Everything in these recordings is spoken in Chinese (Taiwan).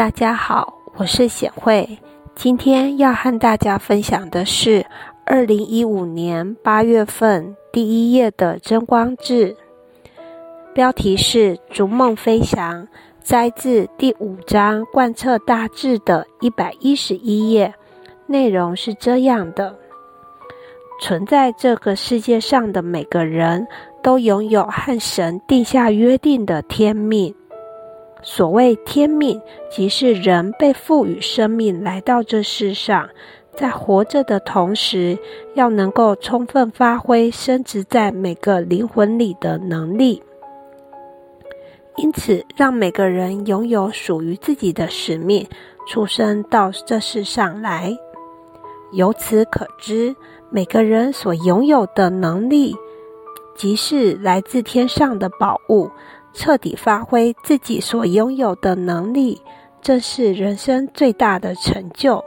大家好，我是顯惠。今天要和大家分享的是二零一五年八月份第一頁的真光誌，標題是“逐夢飛翔”，摘自第五章“貫徹大志”的一百一十一頁。內容是這樣的：存在這個世界上的每個人都擁有和神定下約定的天命。所謂天命，即是人被賦予生命來到這世上，在活着的同時，要能夠充分發揮深植在每個靈魂裡的能力。因此，讓每個人擁有屬於自己的使命，出生到這世上來。由此可知，每個人所擁有的能力，即是來自天上的寶物。徹底發揮自己所擁有的能力，這是人生最大的成就。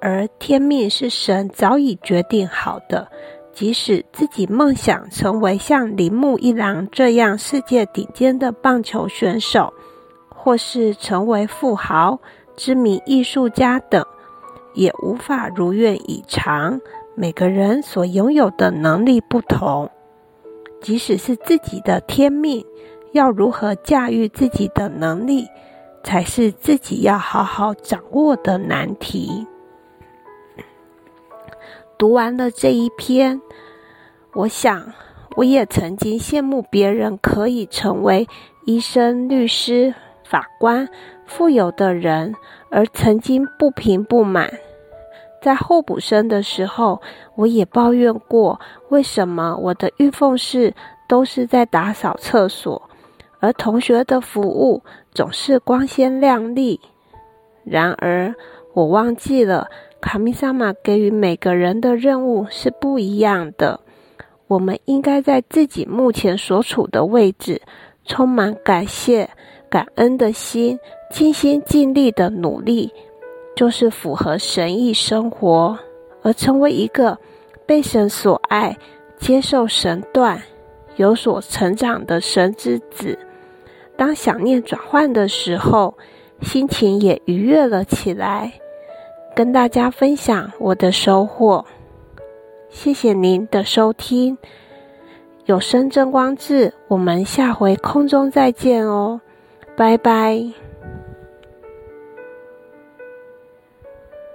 而天命是神早已決定好的，即使自己夢想成為像鈴木一郎這樣世界頂尖的棒球選手，或是成為富豪、知名藝術家等，也無法如願以償。每個人所擁有的能力不同，即使是自己的天命。要如何駕馭自己的能力，才是自己要好好掌握的難題。讀完了這一篇，我想我也曾經羨慕別人可以成為醫生、律師、法官、富有的人，而曾經不平不滿。在候補生的時候，我也抱怨過，為什麼我的御奉仕都是在打掃廁所？而同學的服務總是光鮮亮麗，然而我忘記了，卡米沙瑪給予每個人的任務是不一樣的。我們應該在自己目前所處的位置，充滿感謝、感恩的心，盡心盡力的努力，就是符合神意生活，而成為一個被神所愛、接受神鍛，有所成長的神之子。當想念轉換的時候，心情也愉悅了起來。跟大家分享我的收穫，謝謝您的收聽。有聲真光誌，我們下回空中再見哦，拜拜。